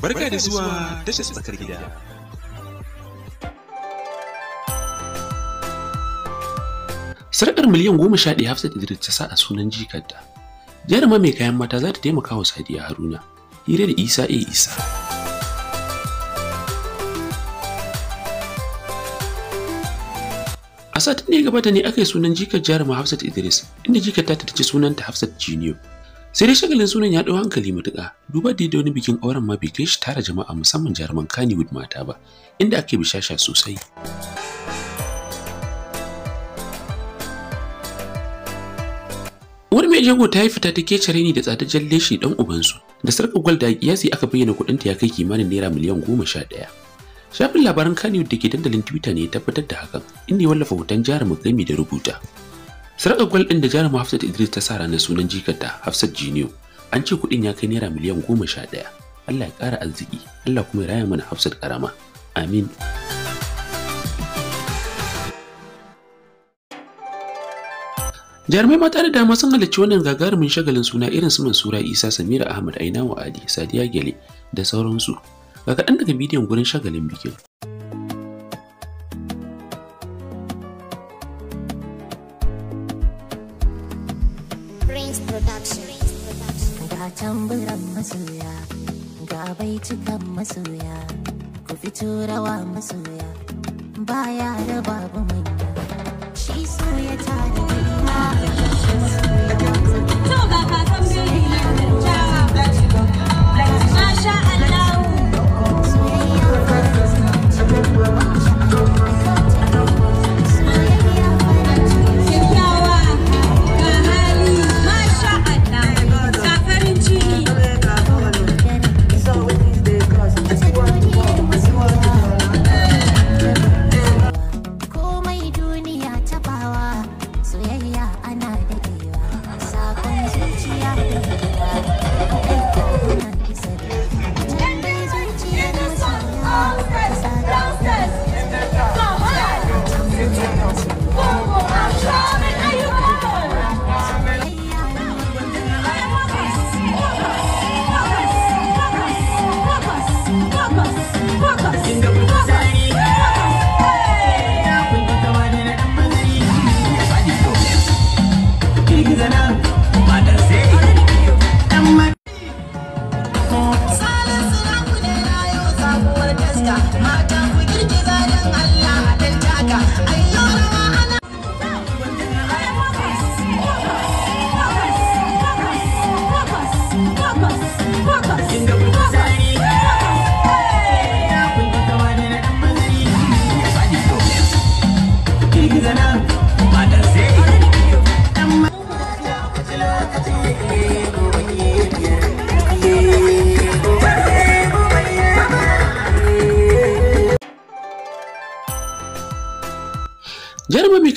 Barka da zuwa tashar tsakar gida. Sarkar miliyan goma sha ɗaya Hafsat Idris ta sa a sunan jikarta. Jaruma mai kayan mata za ta taimaka wa Sadiya Haruna. Hira da Isa A. Isa. A satin da ya gabata ne aka yi sunan jikar jaruma Hafsat Idris, inda jikar ta ta ci sunanta Hafsat Jiniyo. sai dai shagalin sunan ya ɗau hankali matuƙa duba da yadda wani bikin auren ma bai kai shi tara jama'a musamman jaruman kaniwood mata ba inda ake bishasha sosai Wani mai jago ta yi fita ta kece raini da tsada jalle shi ɗan ubansu. Da sarka gwal da kiyasi aka bayyana kuɗin ta ya kai kimanin naira miliyan goma sha ɗaya. Shafin labaran Kanye da ke dandalin Twitter ne ya tabbatar da hakan, inda ya wallafa hoton jarumin gami da rubuta. Sarakar gwal ɗin da jaruma Hafsat Idris ta sa ranar sunan jikarta Hafsat Jiniyo an ce kuɗin ya kai naira miliyan goma sha ɗaya. Allah ya ƙara arziki, Allah kuma ya raya mana Hafsat ƙarama. Amin. Jarumai mata da dama sun halarci wannan gagarumin shagalin suna irin su Mansura Isa Samira Ahmad Aina, Ali Sadiya Gele da sauransu. Ga kaɗan daga bidiyon gurin shagalin bikin. Brains Production. Ga tambura masoya, ga baitukan masoya, ku fito rawa masoya, baya da babu manya. Shi soya ta da girma, soya ta da girma.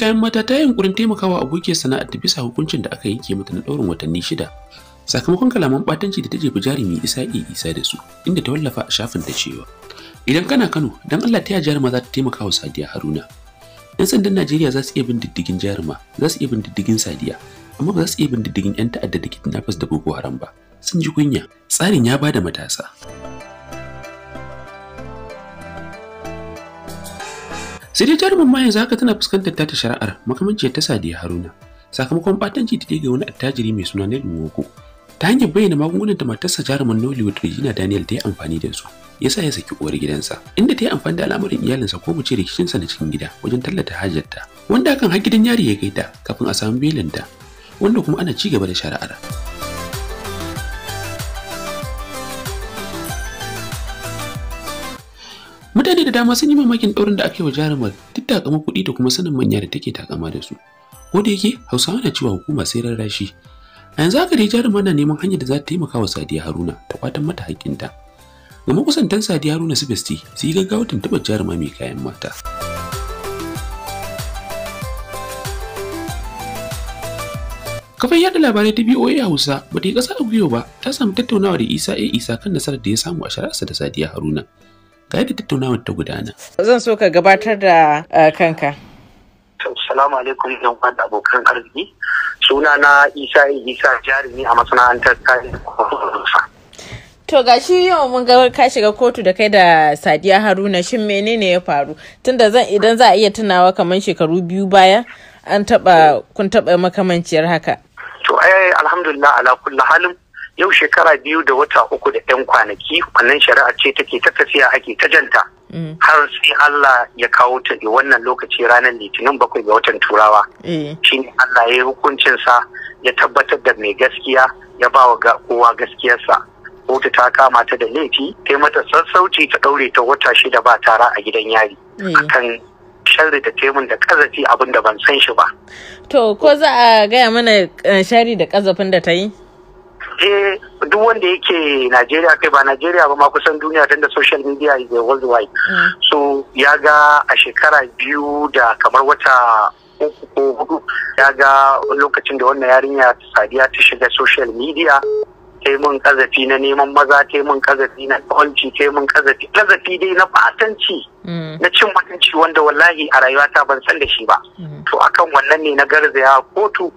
'yan mata ta yunkurin taimakawa abokiyar sana'ar ta bisa hukuncin da aka yanke mata na ɗaurin watanni shida sakamakon kalaman ɓatanci da ta jefa jarumi isa iya isa da su inda ta wallafa a shafin ta cewa idan kana kano dan allah ta yaya jaruma za ta taimaka wa sadiya haruna yan sandan najeriya za su iya bin diddigin jaruma za su iya bin diddigin sadiya amma ba za su iya bin diddigin yan ta'adda da kidnappers da boko haram ba sun ji kunya tsarin ya bada matasa sai dai jarumin mayan zaka tana fuskantar tata shari'ar makamanciyar ta sadiya haruna sakamakon batanci ta ga wani attajiri mai suna Nelly woko ta hanyar bayyana magungunan da matarsa jarumin Nollywood Regina Daniel ta yi amfani da su yasa ya saki uwar gidansa inda ta yi amfani da al'amarin iyalinsa ko ce rikicinsa na cikin gida wajen tallata hajarta wanda hakan har gidan yari ya kai ta kafin a samu belinta wanda kuma ana ci gaba da shari'ar. dama sun yi mamakin ɗaurin da aka yi wa jarumar duk takama kuɗi da kuma sanin manya da take takama da su. Ko da yake Hausawa na cewa hukuma sai rarrashi. A yanzu haka dai jarumar na neman hanyar da za ta taimaka wa Sadiya Haruna ta kwatan mata haƙƙinta. Ga makusantan Sadiya Haruna su besti su yi gaggawa tuntuɓar jaruma mai kayan mata. Kafin yada labarai ta BOA Hausa ba ta yi ƙasa a gwiwa ba ta samu tattaunawa da Isa A Isa kan nasarar da ya samu a shari'arsa da Sadiya Haruna. ga yadda tattaunawar ta gudana. Zan so ka gabatar da eh, kanka. Salamu alaikum yan da abokan arziki. Suna na Isa Isa jarumi a masana'antar kayan To ga shi yau mun ga ka shiga kotu da kai da Sadiya Haruna shin menene ya faru? Tunda zan idan za a iya tunawa kamar shekaru biyu baya an taba kun taba makamanciyar haka. To ai alhamdulillah ala kulli halin yau shekara biyu da wata uku da yan kwanaki wannan shari'a ce take ta tafiya ake ta janta mm. har sai Allah ya kawo ta eh, wannan lokaci ranar litinin bakwai ga watan turawa eh. shine Allah ya yi hukuncinsa ya tabbatar da mai gaskiya ya ba wa kowa gaskiyarsa kotu ta kama ta da laifi ta mata sassauci ta ɗaure ta wata shida ba tara a gidan yari eh. akan shari da taimun da kazafi abin da ban san shi ba. To ko za a gaya mana shari da kazafin da ta yi? je duk wanda yake Najeriya kai ba Najeriya ba ma kusan duniya tun da social media is a worldwide. Mm. So ya ga a shekara biyu da kamar wata uku ko hudu ya ga lokacin da wannan yarinya sadiya ta shiga social media ta mun kazafi na neman maza ta mun kazafi na kwanci ta mun kazafi kazafi dai na fatanci mm. na cin mutunci wanda wallahi a rayuwata ban san da shi ba mm. to akan wannan ne na garzaya kotu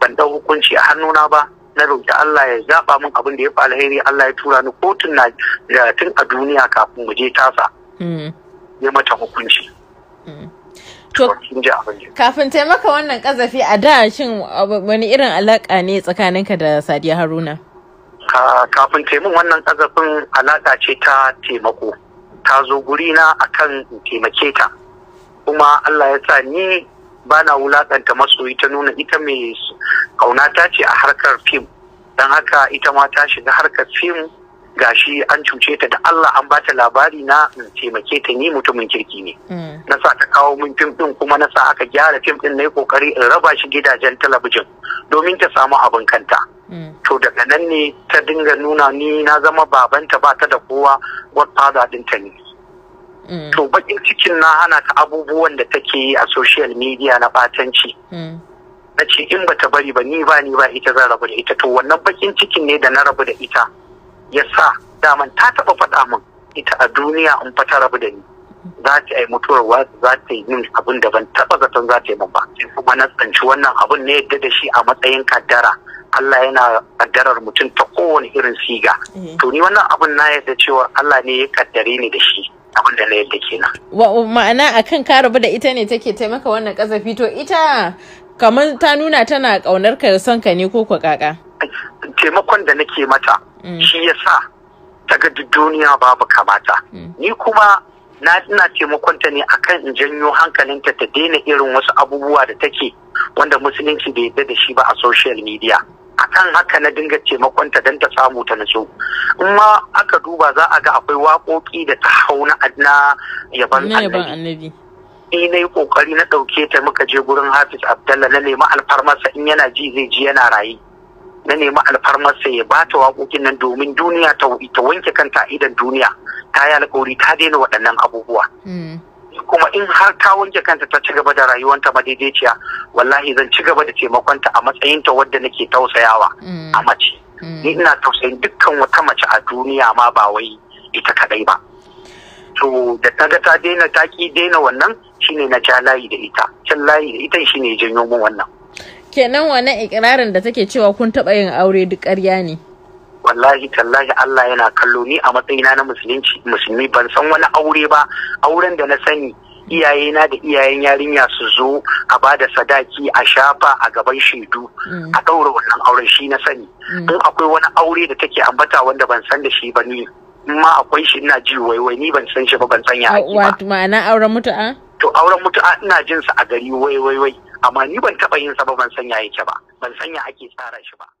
ban dau hukunci a hannuna ba na roƙi Allah ya zaɓa min abin da ya fi alheri Allah ya tura ni kotun na tun a duniya kafin mu je tasa mm. ya mata hukunci mm. kafin taimaka wannan kazafi a da shin wani irin alaƙa ne tsakaninka da Sadiya Haruna kafin taimakon wannan kazafin alaƙa ce ta taimako ta zo a kan taimake ta kuma Allah ya sa ni ba na wulakanta masoyi ta nuna ita mai kaunata ce a harkar fim don haka ita ma ta shiga harkar fim gashi an cuce ta da Allah an ba ta labari na taimake ta ni mutumin kirki ne mm. na sa ta kawo min fim din kuma na sa aka gyara fim din na yi kokari in raba shi gidajen talabijin domin ta samu abin kanta mm. to daga nan ne ta dinga nuna ni na zama babanta ba ta da kowa godfather ɗinta ne mm. to bakin cikin na hana ta abubuwan da take yi a social media na batanci na ce in bata bari ba ni ba ni ba ita zan rabu da ita to wannan bakin cikin ne da na rabu da ita ya sa daman ta taɓa faɗa min ita a duniya in fa ta rabu da ni za ta yi mutuwar za ta yi min abin da ban taɓa zaton za ta yi min ba kuma na tsanci wannan abin ne yadda da shi a matsayin kaddara Allah yana kaddarar mutum ta kowane irin siga eh. to ni wannan abin na yadda cewa Allah ne ya kaddare ni da shi abin da na yadda kenan. Wa ma'ana akan ka rabu da ita ne take taimaka wannan kazafi to ita kamar ta nuna tana kaunar ka son ka ne ko ku kaka taimakon da nake mata mm. shi yasa ta ga duniya babu kamata mm. ni kuma na ina taimakon ta ne akan in janyo hankalinta ta daina irin wasu abubuwa da take wanda musulunci bai yarda da shi ba a social media akan haka na dinga taimakon ta don ta samu ta nutsu in ma aka duba za a ga akwai waƙoƙi da ta hau na yaban annabi ni na yi kokari na ɗauke ta muka je gurin hafiz abdallah na nemi alfarmarsa in yana ji zai ji yana rayu. na nemi alfarmarsa ya ba ta waƙoƙin nan domin duniya ta wanke kanta idan duniya ta yi alƙawari ta daina waɗannan abubuwa hmm. kuma in har ta wanke kanta ta ci gaba da rayuwanta madaidaiciya wallahi zan ci gaba da taimakonta a matsayinta wadda nake tausayawa hmm. a mace hmm. ni ina tausayin dukkan wata mace a duniya ma ba wai ita kadai ba to da ta ga ta daina ta ki daina wannan shine na ja layi da ita can layi da ita shine ya janyo mu wannan kenan wannan ikirarin da take cewa kun taɓa yin aure duk ƙarya ne wallahi tallahi Allah yana kallo ni a matsayina na musulunci musulmi ban san wani aure ba auren da na sani iyayena da iyayen yarinya su zo a ba da sadaki a shafa a gaban shaidu mm. a ɗaura wannan auren shi na sani mm. in akwai wani aure da take ambata wanda ban san da shi ba ni ma akwai shi ina ji waiwai ni ban san shi ba ban san ya ba. Wato ma'ana auren mutu'a? to auren mutu'a ina jin a gari wai wai wai amma ni ban taba yin sa ba ban sanya yake ba ban sanya ake tsara shi ba